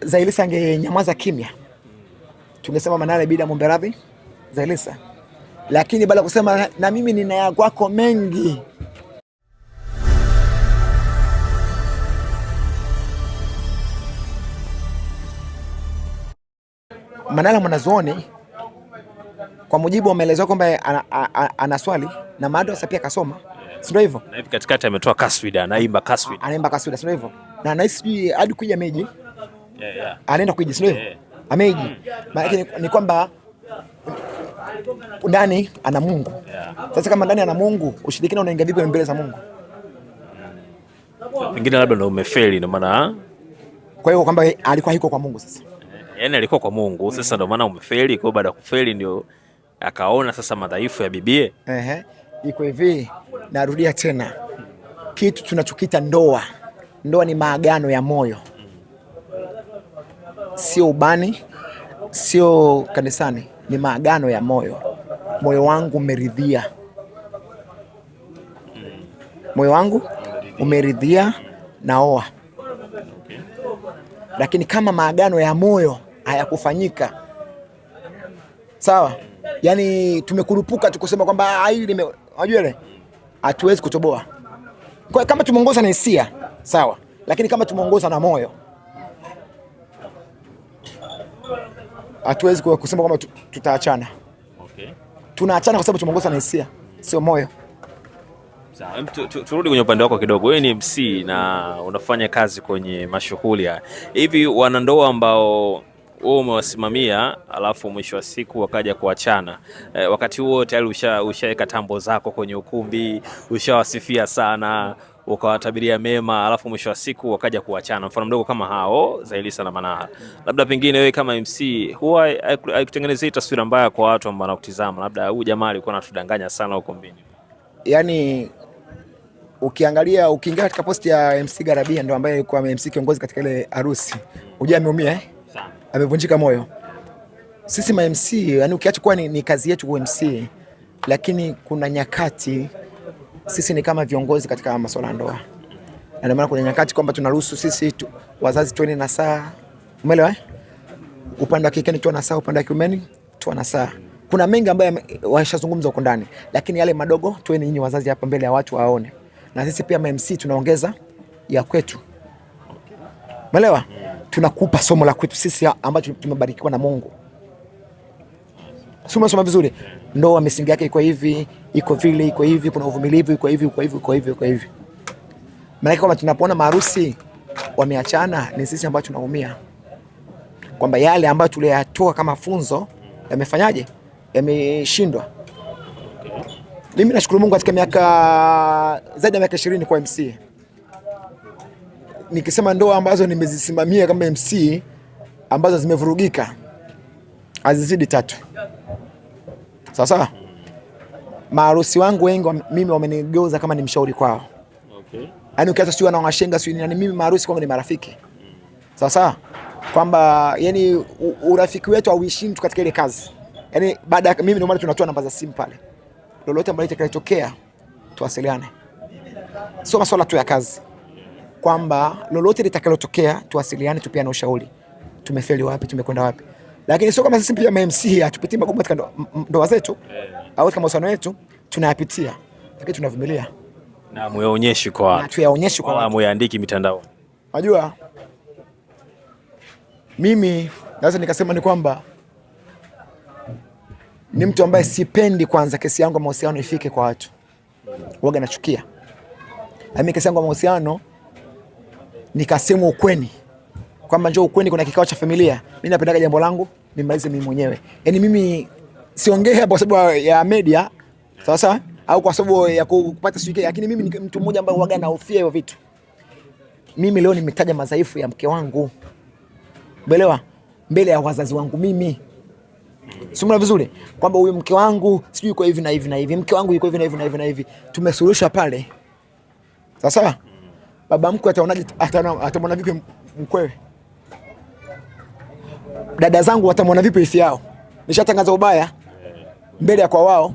Zailisa angenyamaza kimya, tungesema Manara bida mombe radhi Zailisa, lakini baada ya kusema na mimi nina ya kwako mengi Manara mwanazuoni kwa mujibu wa maelezo kwamba ana swali na madrasa pia kasoma, si ndio hivyo? Na hivi katikati ametoa kaswida, anaimba kaswida, anaimba kaswida, si ndio hivyo? Na anahisi hadi kuja miji yeah, anaenda kuiji sio hivyo yeah, ameiji mm. maana ni, ni kwamba ndani ana Mungu yeah. Sasa kama ndani ana Mungu, ushirikina unaingia vipi mbele za Mungu? Mm. Pengine labda ndio umefeli, ndio maana ah? kwa hiyo kwamba alikuwa hiko kwa Mungu sasa yaani alikuwa kwa Mungu mm. sasa, ndio maana umefeli. Kwa baada ya kufeli ndio akaona sasa madhaifu ya bibie. Ehe, iko hivi, narudia tena, kitu tunachokita ndoa. Ndoa ni maagano ya moyo sio ubani, sio kanisani, ni maagano ya moyo. Moyo wangu umeridhia, moyo wangu umeridhia, naoa. Lakini kama maagano ya moyo hayakufanyika sawa, yani tumekurupuka tukusema kwamba ah, hili, unajua hatuwezi kutoboa. Kwa kama tumeongoza na hisia sawa, lakini kama tumeongoza na moyo hatuwezi kusema kwamba tutaachana. Okay. Tunaachana kwa sababu tumeongozwa na hisia, sio moyo. Sawa, turudi kwenye upande wako kidogo. Wewe ni MC na unafanya kazi kwenye mashughuli haya. Hivi wanandoa ambao wewe umewasimamia alafu mwisho wa siku wakaja kuachana e, wakati huo tayari ushaweka usha tambo zako kwenye ukumbi, ushawasifia sana ukawatabiria mema, alafu mwisho wa siku wakaja kuachana. Mfano mdogo kama hao Zailisa na Manaha, labda pengine wewe kama MC huwa haikutengenezei taswira mbaya kwa watu ambao wanakutizama, labda huyu jamaa alikuwa anatudanganya sana huko mbini. Yani ukiangalia ukiingia katika posti ya MC Garabia, ndo ambaye alikuwa MC kiongozi katika ile harusi, unajua ameumia eh? Amevunjika moyo. Sisi ma MC yani ukiacha kuwa ni, ni kazi yetu ku MC, lakini kuna nyakati sisi ni kama viongozi katika masuala ya ndoa, na ndio maana kuna nyakati kwamba tunaruhusu sisi tu, wazazi tuone na saa, umeelewa eh? Upande wa kike ni tuone na saa, upande wa kiume tuone na saa. Kuna mengi ambayo washazungumza huko ndani, lakini yale madogo tueni nyinyi wazazi hapa mbele ya watu waone, na sisi pia MC tunaongeza ya kwetu, umeelewa? Tunakupa somo la kwetu sisi ambacho tumebarikiwa na Mungu si umesoma vizuri, ndoa misingi yake iko hivi, iko vile, iko hivi, kuna uvumilivu, iko hivi, iko hivi, iko hivi, iko hivi. Maana kama tunapoona maharusi wameachana, ni sisi ambao tunaumia kwamba yale ambayo tuliyatoa kama funzo yamefanyaje, yameshindwa. Mimi nashukuru Mungu katika miaka zaidi ya miaka 20 kwa MC, nikisema ndoa ambazo nimezisimamia kama MC ambazo zimevurugika hazizidi tatu. Sasa maarusi wangu wengi mimi wamenigeuza kama ni mshauri kwao. Okay. Yaani ukiacha sio na washenga sio ni yaani mimi maarusi kwangu ni marafiki. Sawa sawa. kwamba yani urafiki wetu hauishii tu katika ile kazi. Yaani baada ya mimi ndio maana tunatoa namba za simu pale. Lolote ambalo litakayotokea tuwasiliane. Sio masuala tu ya kazi. Kwamba lolote litakalotokea tuwasiliane, tupiane ushauri. Tumefeli wapi? Tumekwenda wapi? Lakini sio kama sisi pia MMC hatupitii magumu katika ndoa zetu eh. au katika mahusiano yetu, tunayapitia lakini tunavumilia na muyaonyeshi kwa watu, tuyaonyeshi kwa watu, muyaandiki mitandao. Unajua, mimi naweza nikasema ni kwamba ni mtu ambaye sipendi kwanza kesi yangu ya mahusiano ifike kwa watu, waga nachukia. Na mimi kesi yangu ya mahusiano nikasema ukweni kwamba njoo ukweni, kuna kikao cha familia. Mimi napendaga jambo langu nimalize mimi mwenyewe, yani mimi siongee hapo kwa sababu ya media, sawa sawa, au kwa sababu ya kupata sijui, lakini mimi ni mtu mmoja ambaye huaga nahofia hiyo vitu. Mimi leo nimetaja madhaifu ya mke wangu, umeelewa, mbele ya wazazi wangu mimi Simula vizuri kwamba huyu mke wangu sijui yuko hivi na hivi na hivi, mke wangu yuko hivi na hivi na hivi na hivi, tumesuluhisha pale. Sasa baba mkwe ataonaje? Atamwona vipi mkwewe? dada zangu watamwona vipi wifi yao? Nishatangaza ubaya mbele ya kwa wao,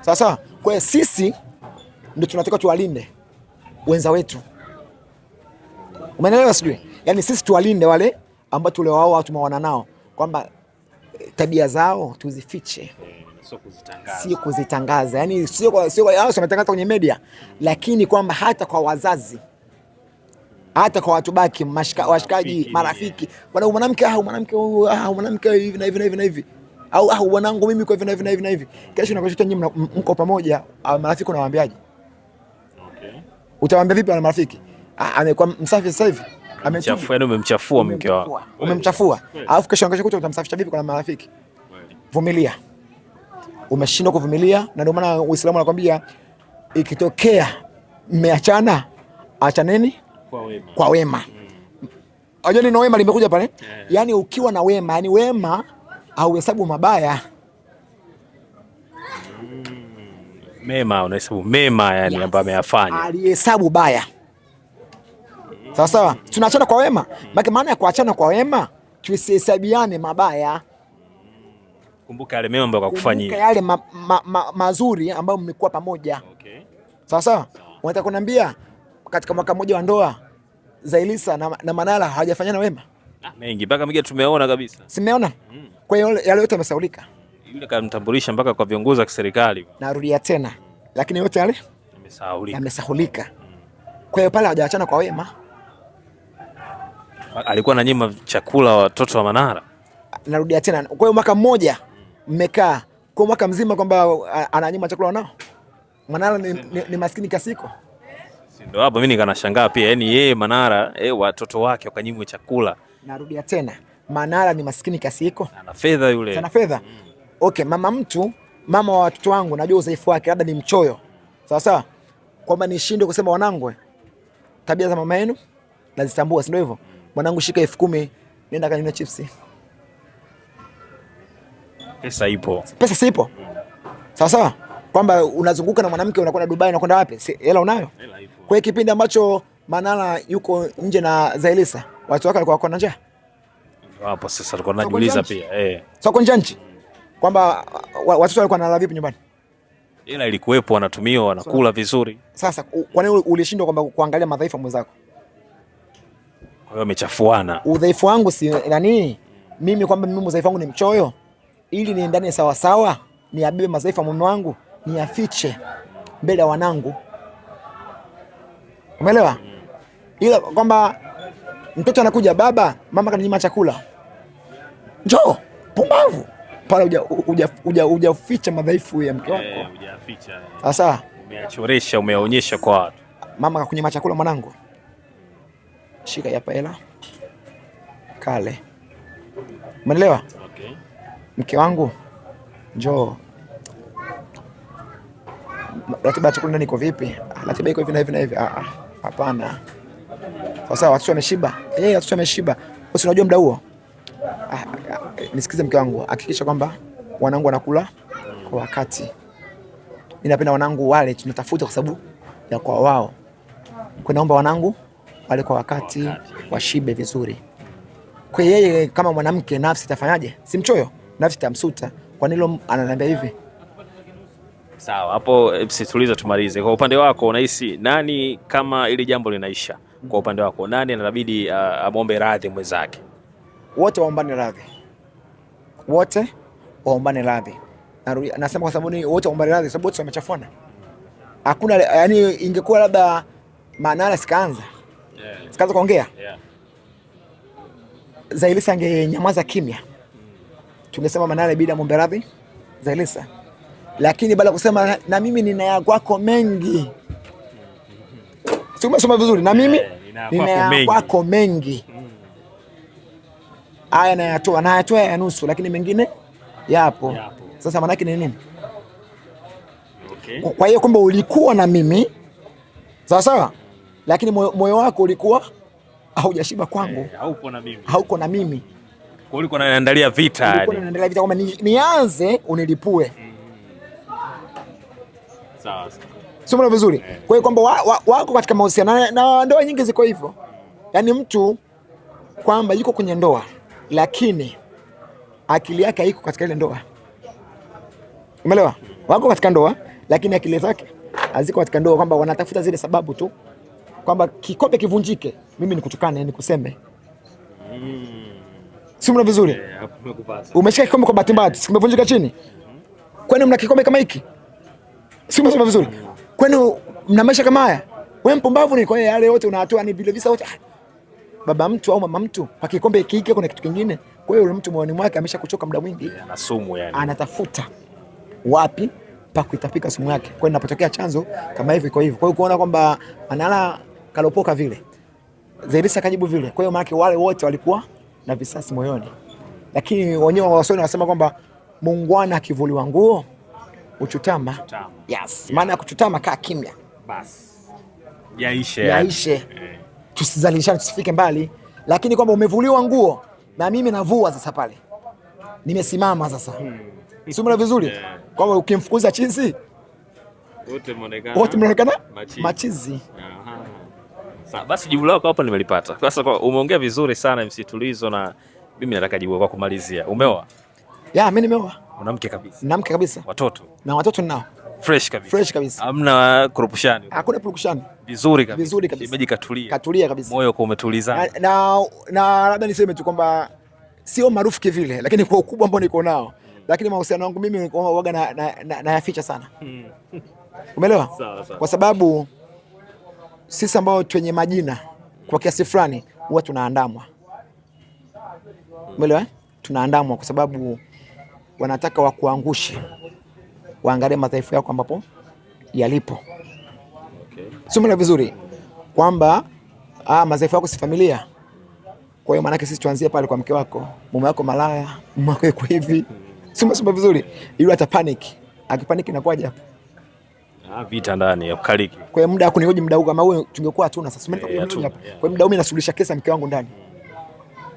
sawa sawa. Kwa hiyo sisi ndio tunatakiwa tuwalinde wenza wetu, umeelewa? Sijui yani sisi tuwalinde wale ambao tuliwaoa wao tumewaona nao kwamba eh, tabia zao tuzifiche, sio kuzitangaza, sio kuzitangaza, yani sio sio, hao wanatangaza kwenye media, lakini kwamba hata kwa wazazi hata kwa watu baki washikaji, marafiki, bwana, mwanamke ah, mwanamke huyu ah, mwanamke hivi na hivi na hivi na hivi, au ah, wanangu mimi kwa hivi na hivi na hivi na hivi. Kesho nakushuta nyinyi mko pamoja, ah, marafiki unawaambiaje? Okay, utawaambia vipi na marafiki? Ah, amekuwa msafi sasa hivi, amechafua, yani umemchafua mke wako, umemchafua, alafu kesho ungekuta utamsafisha vipi kwa marafiki? Vumilia, umeshindwa kuvumilia, na ndio maana Uislamu anakuambia ikitokea mmeachana, acha nini? kwa wema, kwa wema. Unajua neno wema limekuja pale yeah. Yaani ukiwa na wema, yani wema hauhesabu mabaya mm. Mema unahesabu mema yani ambayo yes. ameyafanya. Alihesabu baya mm. Sawa sawa, mm. tunaachana kwa wema mm. Maana ya kuachana kwa wema tusihesabiane mabaya. Mm. Kumbuka yale mema ambayo kakufanyia. Kumbuka yale ma, ma, ma, mazuri ambayo mmekuwa pamoja okay. Sawa sawa, unataka kuniambia katika mwaka mmoja wa ndoa za Elisa na, na Manala hawajafanyana wema ah, mengi mpaka mija tumeona kabisa, simeona mm. Kwa hiyo yale yote yamesaulika, yule kamtambulisha mpaka kwa viongozi wa kiserikali. Narudia tena, lakini yote yale yamesaulika, yamesahulika. Mm. Kwa hiyo pale hawajaachana kwa wema. Alikuwa ananyima chakula watoto wa Manara. Narudia tena, kwa hiyo mwaka mmoja mmekaa kwa mwaka mzima kwamba ananyima chakula wanao. Manara ni, ni, ni maskini kasiko ndio hapo mimi nikanashangaa pia, yani yeye Manara eh, watoto wake wakanyimwe chakula. Narudia tena, Manara ni maskini kiasi hiko, ana fedha yule, ana fedha mm. Okay, mama mtu, mama wa watoto wangu, najua udhaifu wake, labda ni mchoyo, sawa sawa, kwamba nishindwe kusema wanangu, eh. tabia za mama yenu nazitambua, si ndio hivyo? Mwanangu, shika elfu kumi nenda kanunue chipsi. Pesa ipo, pesa sipo, sawa sawa kwamba unazunguka na mwanamke unakwenda Dubai, unakwenda wapi? Hela unayo? Hela ipo. Kwa kipindi ambacho Manara yuko nje na Zailisa, watu wake walikuwa na njaa hapo. Sasa alikuwa anajiuliza pia eh, soko nje nchi kwamba watoto walikuwa wanalala vipi nyumbani, Hela ilikuwepo, wanatumia wanakula vizuri. Sasa kwa nini ulishindwa kwamba kuangalia madhaifu mwenzako? Kwa hiyo amechafuana. Udhaifu wangu si nani mimi, kwamba mimi udhaifu wangu ni mchoyo, ili niendane sawa sawa, niabebe madhaifu mume wangu niyafiche mbele ya wanangu, umeelewa? Ila kwamba mtoto anakuja, baba, mama kaninyima chakula, njoo, pumbavu pale, hujaficha madhaifu ya mke wako, eh, hujaficha eh. sasa, umeachoresha, umeonyesha kwa watu. Mama kakunyima chakula, mwanangu, shika hapa hela kale, umeelewa? Okay. Mke wangu njoo ratiba ya chakula ndani iko vipi? Ah, ratiba iko hivi na hivi na hivi. Ah, ah hapana. Sasa watoto wameshiba. Eh, watoto wameshiba. Wewe unajua muda huo? Ah, ah eh, nisikize mke wangu, hakikisha kwamba wanangu wanakula kwa wakati. Mimi napenda wanangu wale, tunatafuta kwa sababu ya kwa wao. Kwa naomba wanangu wale kwa wakati, washibe vizuri. Kwa yeye kama mwanamke, nafsi itafanyaje? Simchoyo, nafsi itamsuta. Kwa nilo ananiambia hivi Sawa, hapo eh, situliza, tumalize. Kwa upande wako unahisi nani, kama ili jambo linaisha kwa upande wako, nani anabidi uh, amwombe radhi mwenzake? Wote waombane radhi, wote waombane radhi. Nasema kwa sababu ni wote waombane radhi, sababu wote wamechafuana. Hakuna yani, ingekuwa labda Manara sikaanza yeah, sikaanza kuongea yeah, Zailisa angenyamaza kimya, tungesema Manara ibidi amwombe radhi Zailisa lakini baada kusema na mimi nina ya kwako mengi, si umesoma vizuri? Na mimi eh, nina ya kwako mengi. Haya nayatoa, nayatoa ya nusu, lakini mengine yapo. Sasa maana ni nini? Kwa hiyo kwamba ulikuwa na mimi sawa sawa, lakini moyo wako ulikuwa haujashiba kwangu, eh, hauko na mimi, hauko na mimi. Kwa hiyo ulikuwa unaandalia vita, ulikuwa unaandalia vita kwamba nianze unilipue. Mm sawa vizuri eh. Kwa hiyo kwamba wako wa, wa katika mahusiano na ndoa nyingi ziko hivyo, yaani mtu kwamba yuko kwenye ndoa lakini akili yake haiko katika ile ndoa, umeelewa? Wako katika ndoa lakini akili zake haziko katika ndoa, kwamba wanatafuta zile sababu tu kwamba kikombe kivunjike, mimi nikutukane, nikuseme mm. Si mna vizuri yeah, umeshika kikombe kwa bahati mbaya eh. kimevunjika chini, kwani mna kikombe kama hiki? Sema vizuri. Kwani mna maisha kama haya? Wewe mpumbavu ni kwa yale yote unatoa, ni vile visa wote. Baba mtu au mama mtu kwa kikombe hiki kuna kitu kingine. Kwa hiyo yule mtu moyoni mwake amesha kuchoka muda mwingi. Ana sumu yani. Anatafuta wapi pa kuitapika sumu yake. Kwa hiyo inapotokea chanzo kama hivi kwa hivi. Kwa hiyo kuona kwamba Manara kalopoka vile. Zairisa kajibu vile. Kwa hiyo maana wale wote walikuwa na visasi moyoni. Lakini wenyewe wasoni wanasema kwamba muungwana akivuliwa nguo Uchutama. Yes. Maana ya kuchutama, kaa kimya. Bas. Yaishe. Yaishe. Eh. Tusizalishane, tusifike mbali, lakini kwamba umevuliwa nguo na mimi navua sasa pale nimesimama sasa, hmm. Simla vizuri yeah. Kwamba ukimfukuza chizi wote mnaonekana machizi, machizi. Sasa basi jibu lako hapa nimelipata. Sasa umeongea vizuri sana msitulizo, na mimi nataka jibu kwa kumalizia. Umeoa? Ya, mimi nimeoa mwanamke kabisa, mwanamke kabisa, watoto na watoto nao fresh kabisa, fresh kabisa, hamna kurupushani, hakuna kurupushani, vizuri kabisa, vizuri kabisa, shemeji katulia, katulia kabisa, moyo kwa umetuliza. Na na labda niseme tu kwamba sio maarufu kivile, lakini kwa ukubwa ambao niko nao, mm. lakini mahusiano yangu mimi waga na, na, na, na sana mm. umeelewa? Kwa sababu sisi ambao twenye majina kwa kiasi fulani huwa tunaandamwa, mm. umeelewa? Tunaandamwa kwa sababu wanataka wakuangushe, waangalie madhaifu yako ambapo yalipo. Okay. Sumela vizuri kwamba ah, madhaifu yako si familia. Kwa hiyo maanake sisi tuanzie pale kwa mke wako, mume wako malaya, mume wako yuko hivi. Sumesoma vizuri, ili hata panic. Akipaniki inakuwaje hapo? Ah, vita ndani ya kaliki. Kwa hiyo muda kunihoji muda huu kama wewe tungekuwa hatuna sasa. Kwa muda mimi nasuluhisha kesa mke wangu ndani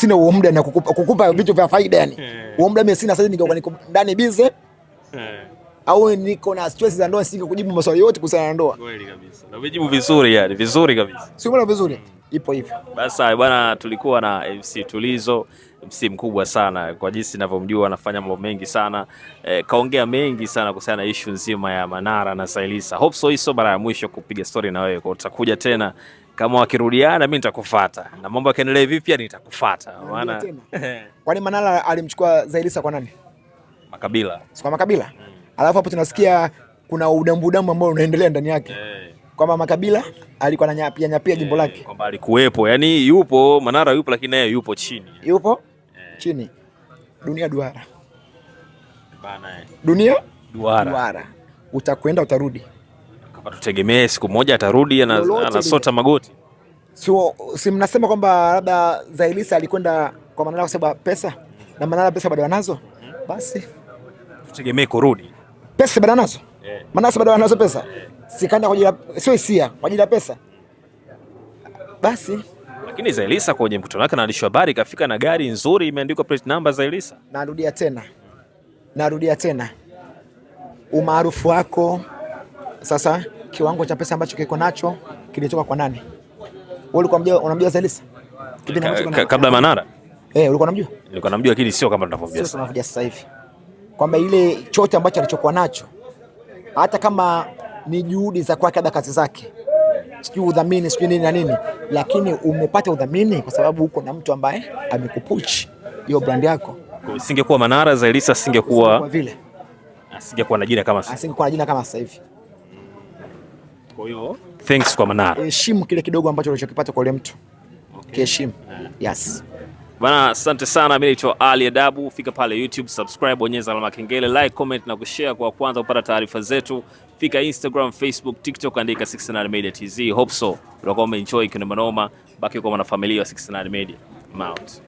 sina huo muda na kukupa, kukupa eh. vitu vya faida yani eh. huo muda mimi sina. Sasa ningekuwa niko ndani bize eh. au niko na stress za ndoa, siko kujibu maswali yote kuhusiana na ndoa. Kweli kabisa, na umejibu vizuri yani, vizuri kabisa, sio mbona vizuri, mm. ipo hivyo basi bwana. Tulikuwa na MC Tulizo, MC mkubwa sana kwa jinsi ninavyomjua, anafanya mambo mengi sana e, kaongea mengi sana kuhusiana na issue nzima ya Manara na Sailisa. Hope so, hiyo sio mara ya mwisho kupiga story na wewe, kwa utakuja tena kama wakirudiana mimi nitakufuata na mambo yakiendelea hivi pia nitakufuata. Maana kwani Manala alimchukua Zailisa kwa nani? Makabila. Si kwa Makabila. Hmm. Alafu hapo tunasikia kuna udambu udambu ambao unaendelea ndani yake. Hey. Eh. Kwamba Makabila alikuwa ananyapia nyapia jimbo hey, eh, lake. Kwamba alikuwepo. Yaani yupo Manara yupo lakini naye yupo chini. Yupo? Hey. Eh. Chini. Dunia duara. Bana. Dunia duara. Duara. Utakwenda utarudi watutegemee siku moja atarudi anasota magoti. Sio, si mnasema kwamba labda Zailisa alikwenda kwa Manara kwa sababu pesa na Manara pesa bado anazo, basi tutegemee kurudi. Pesa bado anazo yeah. Manara bado anazo pesa yeah. Sikanda kwa ajili sio hisia, kwa ajili ya pesa basi. Lakini Zailisa kwenye mkutano wake na waandishi wa habari kafika na gari nzuri imeandikwa plate number Zailisa. Narudia tena, narudia tena, umaarufu wako sasa kiwango cha pesa ambacho kiko nacho kilitoka kwa nani? Wewe ulikuwa unamjua unamjua Zaiylissa kabla Manara? Eh, ulikuwa unamjua? Nilikuwa namjua, lakini sio kama tunavyojua sasa Sasa hivi kwamba ile chote ambacho alichokuwa nacho hata kama ni juhudi za kwake ada kazi zake sijui udhamini sijui nini na nini, lakini umepata udhamini kwa sababu uko na mtu ambaye amekupush hiyo brand yako. Singekuwa Manara, Zaiylissa singekuwa vile, asingekuwa ah, na jina kama sasa, asingekuwa na jina kama sasa hivi. Kwa hiyo thanks kwa Manara. Heshimu kile kidogo ambacho ulichokipata kwa yule mtu. Okay. Kiheshimu. Yes. Bana, asante sana. Mimi naitwa Ali Adabu. Fika pale YouTube, subscribe, bonyeza alama kengele, like, comment na kushare kwa kwanza kupata taarifa zetu. Fika Instagram, Facebook, TikTok, andika 69 Media TZ. Hope so. Utakuwa umeenjoy kinamanoma. Baki kwa mwanafamilia wa 69 Media. Mount.